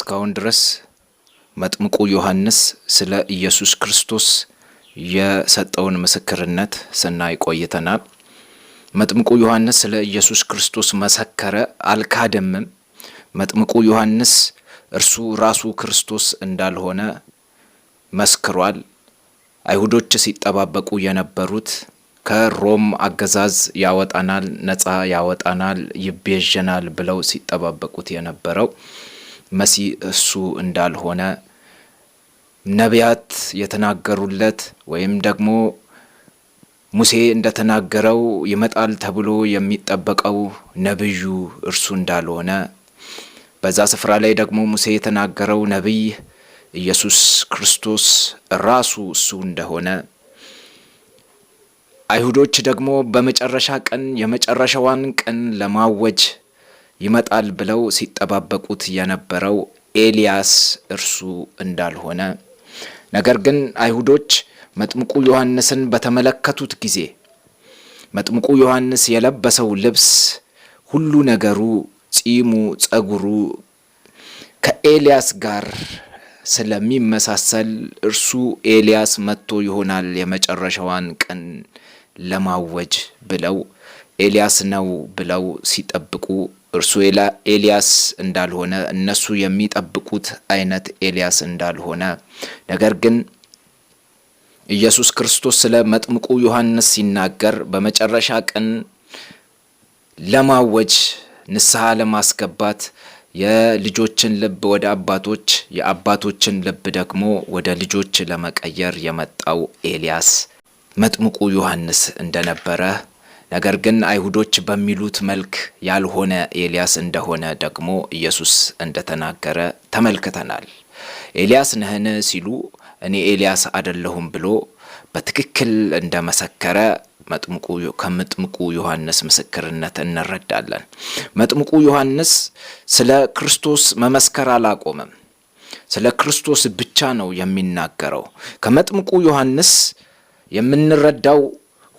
እስካሁን ድረስ መጥምቁ ዮሐንስ ስለ ኢየሱስ ክርስቶስ የሰጠውን ምስክርነት ስናይ ቆይተናል። መጥምቁ ዮሐንስ ስለ ኢየሱስ ክርስቶስ መሰከረ፣ አልካደምም። መጥምቁ ዮሐንስ እርሱ ራሱ ክርስቶስ እንዳልሆነ መስክሯል። አይሁዶች ሲጠባበቁ የነበሩት ከሮም አገዛዝ ያወጣናል፣ ነፃ ያወጣናል፣ ይቤዠናል ብለው ሲጠባበቁት የነበረው መሲህ እሱ እንዳልሆነ ነቢያት የተናገሩለት ወይም ደግሞ ሙሴ እንደተናገረው ይመጣል ተብሎ የሚጠበቀው ነብዩ እርሱ እንዳልሆነ በዛ ስፍራ ላይ ደግሞ ሙሴ የተናገረው ነቢይ ኢየሱስ ክርስቶስ ራሱ እሱ እንደሆነ አይሁዶች ደግሞ በመጨረሻ ቀን የመጨረሻዋን ቀን ለማወጅ ይመጣል ብለው ሲጠባበቁት የነበረው ኤልያስ እርሱ እንዳልሆነ ነገር ግን አይሁዶች መጥምቁ ዮሐንስን በተመለከቱት ጊዜ መጥምቁ ዮሐንስ የለበሰው ልብስ፣ ሁሉ ነገሩ፣ ጺሙ፣ ጸጉሩ ከኤልያስ ጋር ስለሚመሳሰል እርሱ ኤልያስ መጥቶ ይሆናል የመጨረሻዋን ቀን ለማወጅ ብለው ኤልያስ ነው ብለው ሲጠብቁ እርሱ ኤልያስ እንዳልሆነ እነሱ የሚጠብቁት አይነት ኤልያስ እንዳልሆነ ነገር ግን ኢየሱስ ክርስቶስ ስለ መጥምቁ ዮሐንስ ሲናገር በመጨረሻ ቀን ለማወጅ ንስሐ ለማስገባት የልጆችን ልብ ወደ አባቶች የአባቶችን ልብ ደግሞ ወደ ልጆች ለመቀየር የመጣው ኤልያስ መጥምቁ ዮሐንስ እንደነበረ ነገር ግን አይሁዶች በሚሉት መልክ ያልሆነ ኤልያስ እንደሆነ ደግሞ ኢየሱስ እንደተናገረ ተመልክተናል። ኤልያስ ነህን ሲሉ እኔ ኤልያስ አይደለሁም ብሎ በትክክል እንደመሰከረ መጥምቁ ከምጥምቁ ዮሐንስ ምስክርነት እንረዳለን። መጥምቁ ዮሐንስ ስለ ክርስቶስ መመስከር አላቆመም። ስለ ክርስቶስ ብቻ ነው የሚናገረው። ከመጥምቁ ዮሐንስ የምንረዳው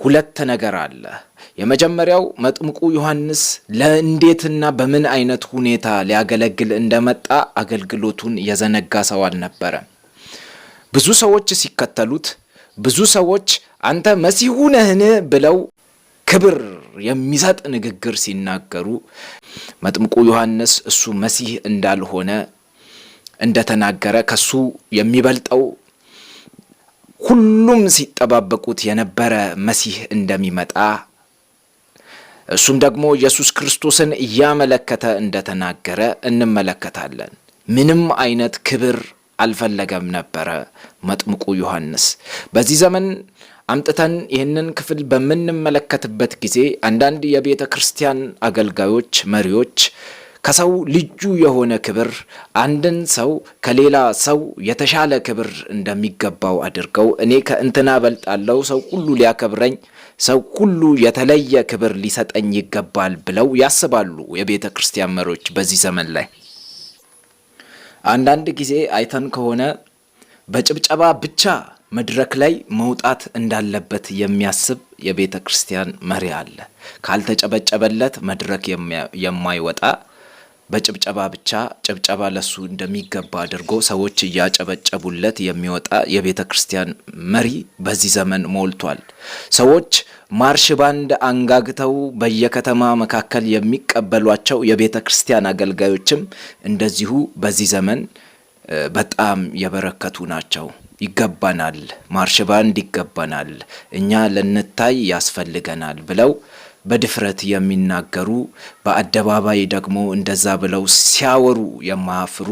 ሁለት ነገር አለ። የመጀመሪያው መጥምቁ ዮሐንስ ለእንዴትና በምን አይነት ሁኔታ ሊያገለግል እንደመጣ አገልግሎቱን የዘነጋ ሰው አልነበረም። ብዙ ሰዎች ሲከተሉት፣ ብዙ ሰዎች አንተ መሲሁ ነህን ብለው ክብር የሚሰጥ ንግግር ሲናገሩ መጥምቁ ዮሐንስ እሱ መሲህ እንዳልሆነ እንደተናገረ ከሱ የሚበልጠው ሁሉም ሲጠባበቁት የነበረ መሲህ እንደሚመጣ እሱም ደግሞ ኢየሱስ ክርስቶስን እያመለከተ እንደተናገረ እንመለከታለን። ምንም አይነት ክብር አልፈለገም ነበረ መጥምቁ ዮሐንስ። በዚህ ዘመን አምጥተን ይህንን ክፍል በምንመለከትበት ጊዜ አንዳንድ የቤተ ክርስቲያን አገልጋዮች፣ መሪዎች ከሰው ልዩ የሆነ ክብር አንድን ሰው ከሌላ ሰው የተሻለ ክብር እንደሚገባው አድርገው እኔ ከእንትና በልጣለው ሰው ሁሉ ሊያከብረኝ ሰው ሁሉ የተለየ ክብር ሊሰጠኝ ይገባል ብለው ያስባሉ የቤተ ክርስቲያን መሪዎች በዚህ ዘመን ላይ። አንዳንድ ጊዜ አይተን ከሆነ በጭብጨባ ብቻ መድረክ ላይ መውጣት እንዳለበት የሚያስብ የቤተ ክርስቲያን መሪ አለ። ካልተጨበጨበለት መድረክ የማይወጣ በጭብጨባ ብቻ ጭብጨባ ለሱ እንደሚገባ አድርጎ ሰዎች እያጨበጨቡለት የሚወጣ የቤተ ክርስቲያን መሪ በዚህ ዘመን ሞልቷል። ሰዎች ማርሽ ባንድ አንጋግተው በየከተማ መካከል የሚቀበሏቸው የቤተ ክርስቲያን አገልጋዮችም እንደዚሁ በዚህ ዘመን በጣም የበረከቱ ናቸው። ይገባናል፣ ማርሽ ባንድ ይገባናል፣ እኛ ልንታይ ያስፈልገናል ብለው በድፍረት የሚናገሩ በአደባባይ ደግሞ እንደዛ ብለው ሲያወሩ የማያፍሩ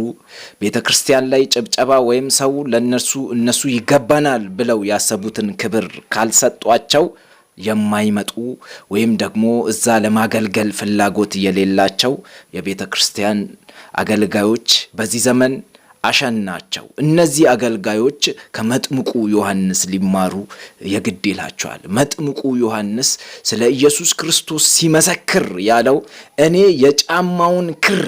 ቤተ ክርስቲያን ላይ ጭብጨባ ወይም ሰው ለነሱ እነሱ ይገባናል ብለው ያሰቡትን ክብር ካልሰጧቸው የማይመጡ ወይም ደግሞ እዛ ለማገልገል ፍላጎት የሌላቸው የቤተ ክርስቲያን አገልጋዮች በዚህ ዘመን አሸናቸው። እነዚህ አገልጋዮች ከመጥምቁ ዮሐንስ ሊማሩ የግድ ይላቸዋል። መጥምቁ ዮሐንስ ስለ ኢየሱስ ክርስቶስ ሲመሰክር ያለው እኔ የጫማውን ክር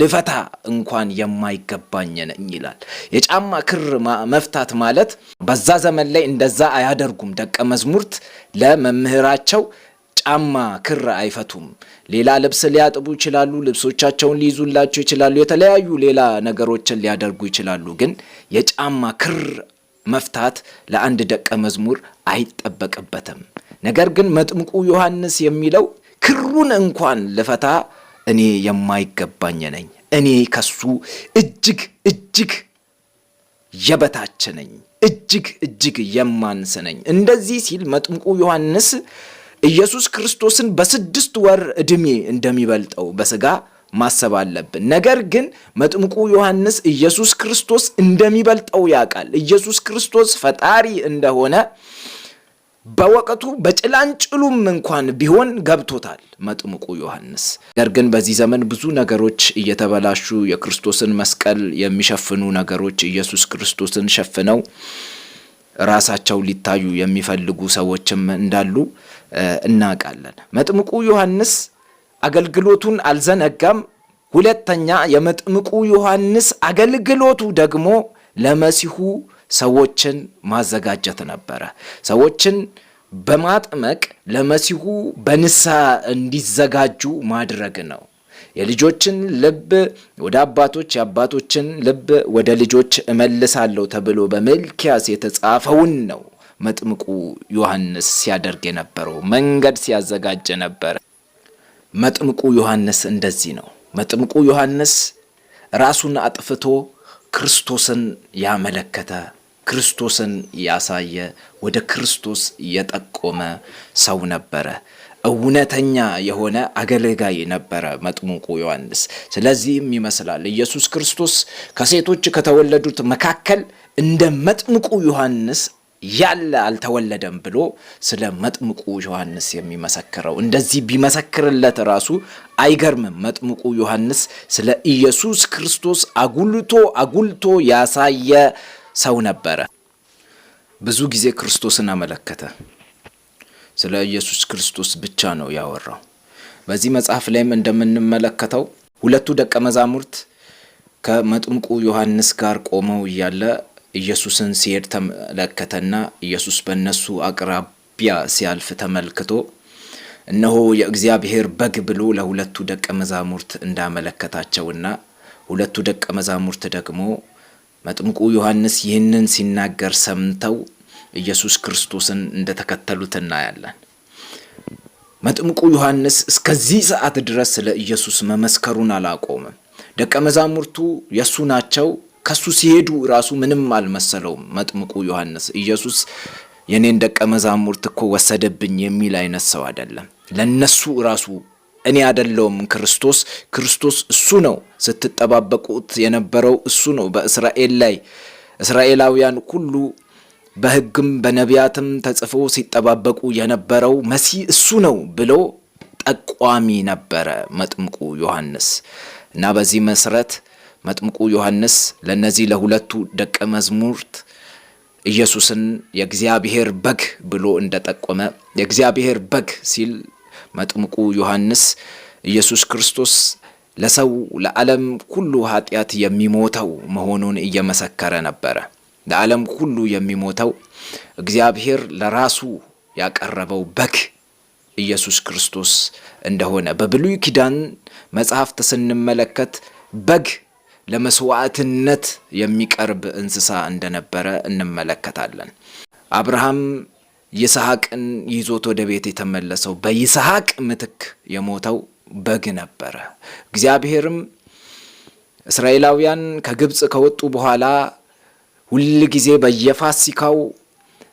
ልፈታ እንኳን የማይገባኝ ነኝ ይላል። የጫማ ክር መፍታት ማለት በዛ ዘመን ላይ እንደዛ አያደርጉም። ደቀ መዝሙርት ለመምህራቸው ጫማ ክር አይፈቱም። ሌላ ልብስ ሊያጥቡ ይችላሉ። ልብሶቻቸውን ሊይዙላቸው ይችላሉ። የተለያዩ ሌላ ነገሮችን ሊያደርጉ ይችላሉ። ግን የጫማ ክር መፍታት ለአንድ ደቀ መዝሙር አይጠበቅበትም። ነገር ግን መጥምቁ ዮሐንስ የሚለው ክሩን እንኳን ልፈታ እኔ የማይገባኝ ነኝ፣ እኔ ከሱ እጅግ እጅግ የበታች ነኝ፣ እጅግ እጅግ የማንስ ነኝ። እንደዚህ ሲል መጥምቁ ዮሐንስ ኢየሱስ ክርስቶስን በስድስት ወር ዕድሜ እንደሚበልጠው በስጋ ማሰብ አለብን። ነገር ግን መጥምቁ ዮሐንስ ኢየሱስ ክርስቶስ እንደሚበልጠው ያውቃል። ኢየሱስ ክርስቶስ ፈጣሪ እንደሆነ በወቅቱ በጭላንጭሉም እንኳን ቢሆን ገብቶታል መጥምቁ ዮሐንስ። ነገር ግን በዚህ ዘመን ብዙ ነገሮች እየተበላሹ የክርስቶስን መስቀል የሚሸፍኑ ነገሮች ኢየሱስ ክርስቶስን ሸፍነው ራሳቸው ሊታዩ የሚፈልጉ ሰዎችም እንዳሉ እናውቃለን። መጥምቁ ዮሐንስ አገልግሎቱን አልዘነጋም። ሁለተኛ የመጥምቁ ዮሐንስ አገልግሎቱ ደግሞ ለመሲሁ ሰዎችን ማዘጋጀት ነበረ። ሰዎችን በማጥመቅ ለመሲሁ በንስሐ እንዲዘጋጁ ማድረግ ነው። የልጆችን ልብ ወደ አባቶች የአባቶችን ልብ ወደ ልጆች እመልሳለሁ ተብሎ በመልኪያስ የተጻፈውን ነው መጥምቁ ዮሐንስ ሲያደርግ የነበረው መንገድ ሲያዘጋጅ ነበር። መጥምቁ ዮሐንስ እንደዚህ ነው። መጥምቁ ዮሐንስ ራሱን አጥፍቶ ክርስቶስን ያመለከተ፣ ክርስቶስን ያሳየ፣ ወደ ክርስቶስ የጠቆመ ሰው ነበረ። እውነተኛ የሆነ አገልጋይ ነበረ መጥምቁ ዮሐንስ። ስለዚህም ይመስላል ኢየሱስ ክርስቶስ ከሴቶች ከተወለዱት መካከል እንደ መጥምቁ ዮሐንስ ያለ አልተወለደም ብሎ ስለ መጥምቁ ዮሐንስ የሚመሰክረው። እንደዚህ ቢመሰክርለት ራሱ አይገርምም። መጥምቁ ዮሐንስ ስለ ኢየሱስ ክርስቶስ አጉልቶ አጉልቶ ያሳየ ሰው ነበረ። ብዙ ጊዜ ክርስቶስን አመለከተ። ስለ ኢየሱስ ክርስቶስ ብቻ ነው ያወራው። በዚህ መጽሐፍ ላይም እንደምንመለከተው ሁለቱ ደቀ መዛሙርት ከመጥምቁ ዮሐንስ ጋር ቆመው እያለ ኢየሱስን ሲሄድ ተመለከተና ኢየሱስ በእነሱ አቅራቢያ ሲያልፍ ተመልክቶ እነሆ የእግዚአብሔር በግ ብሎ ለሁለቱ ደቀ መዛሙርት እንዳመለከታቸውና ሁለቱ ደቀ መዛሙርት ደግሞ መጥምቁ ዮሐንስ ይህንን ሲናገር ሰምተው ኢየሱስ ክርስቶስን እንደተከተሉት እናያለን። መጥምቁ ዮሐንስ እስከዚህ ሰዓት ድረስ ስለ ኢየሱስ መመስከሩን አላቆምም። ደቀ መዛሙርቱ የእሱ ናቸው። ከሱ ሲሄዱ ራሱ ምንም አልመሰለውም። መጥምቁ ዮሐንስ ኢየሱስ የእኔን ደቀ መዛሙርት እኮ ወሰደብኝ የሚል አይነት ሰው አይደለም። ለነሱ ራሱ እኔ አደለውም ክርስቶስ፣ ክርስቶስ እሱ ነው፣ ስትጠባበቁት የነበረው እሱ ነው። በእስራኤል ላይ እስራኤላውያን ሁሉ በሕግም በነቢያትም ተጽፎ ሲጠባበቁ የነበረው መሲህ እሱ ነው ብሎ ጠቋሚ ነበረ መጥምቁ ዮሐንስ እና በዚህ መሰረት መጥምቁ ዮሐንስ ለእነዚህ ለሁለቱ ደቀ መዝሙርት ኢየሱስን የእግዚአብሔር በግ ብሎ እንደጠቆመ የእግዚአብሔር በግ ሲል መጥምቁ ዮሐንስ ኢየሱስ ክርስቶስ ለሰው ለዓለም ሁሉ ኃጢአት የሚሞተው መሆኑን እየመሰከረ ነበረ። ለዓለም ሁሉ የሚሞተው እግዚአብሔር ለራሱ ያቀረበው በግ ኢየሱስ ክርስቶስ እንደሆነ በብሉይ ኪዳን መጽሐፍት ስንመለከት በግ ለመስዋዕትነት የሚቀርብ እንስሳ እንደነበረ እንመለከታለን። አብርሃም ይስሐቅን ይዞት ወደ ቤት የተመለሰው በይስሐቅ ምትክ የሞተው በግ ነበረ። እግዚአብሔርም እስራኤላውያን ከግብፅ ከወጡ በኋላ ሁል ጊዜ በየፋሲካው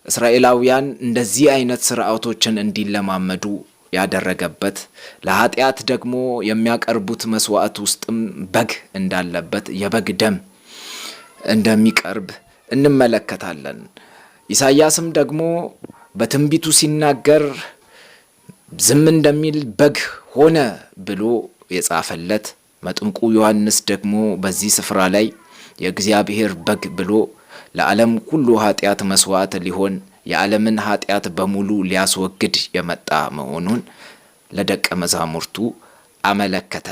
እስራኤላውያን እንደዚህ አይነት ስርዓቶችን እንዲለማመዱ ያደረገበት ለኃጢአት ደግሞ የሚያቀርቡት መስዋዕት ውስጥም በግ እንዳለበት የበግ ደም እንደሚቀርብ እንመለከታለን። ኢሳያስም ደግሞ በትንቢቱ ሲናገር ዝም እንደሚል በግ ሆነ ብሎ የጻፈለት መጥምቁ ዮሐንስ ደግሞ በዚህ ስፍራ ላይ የእግዚአብሔር በግ ብሎ ለዓለም ሁሉ ኃጢአት መስዋዕት ሊሆን የዓለምን ኃጢአት በሙሉ ሊያስወግድ የመጣ መሆኑን ለደቀ መዛሙርቱ አመለከተ።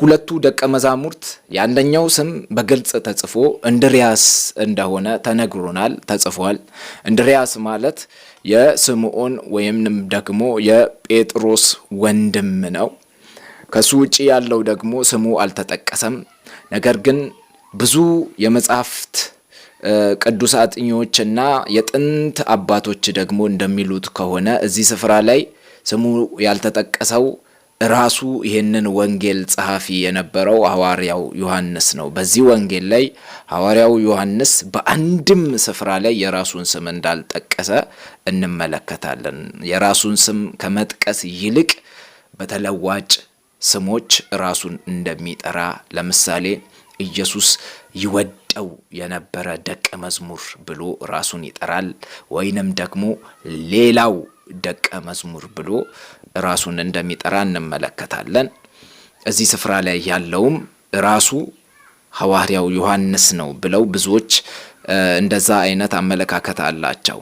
ሁለቱ ደቀ መዛሙርት የአንደኛው ስም በግልጽ ተጽፎ እንድሪያስ እንደሆነ ተነግሮናል፣ ተጽፏል። እንድሪያስ ማለት የስምዖን ወይም ደግሞ የጴጥሮስ ወንድም ነው። ከሱ ውጭ ያለው ደግሞ ስሙ አልተጠቀሰም። ነገር ግን ብዙ የመጻሕፍት ቅዱስ አጥኚዎችና የጥንት አባቶች ደግሞ እንደሚሉት ከሆነ እዚህ ስፍራ ላይ ስሙ ያልተጠቀሰው ራሱ ይህንን ወንጌል ጸሐፊ የነበረው ሐዋርያው ዮሐንስ ነው። በዚህ ወንጌል ላይ ሐዋርያው ዮሐንስ በአንድም ስፍራ ላይ የራሱን ስም እንዳልጠቀሰ እንመለከታለን። የራሱን ስም ከመጥቀስ ይልቅ በተለዋጭ ስሞች ራሱን እንደሚጠራ ለምሳሌ ኢየሱስ ይወድ ይሰጠው የነበረ ደቀ መዝሙር ብሎ ራሱን ይጠራል። ወይንም ደግሞ ሌላው ደቀ መዝሙር ብሎ ራሱን እንደሚጠራ እንመለከታለን። እዚህ ስፍራ ላይ ያለውም ራሱ ሐዋርያው ዮሐንስ ነው ብለው ብዙዎች እንደዛ አይነት አመለካከት አላቸው።